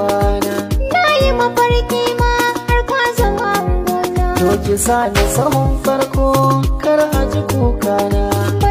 amana Na yi mafarki ma har ka zama gona To ki sa ni sahun farko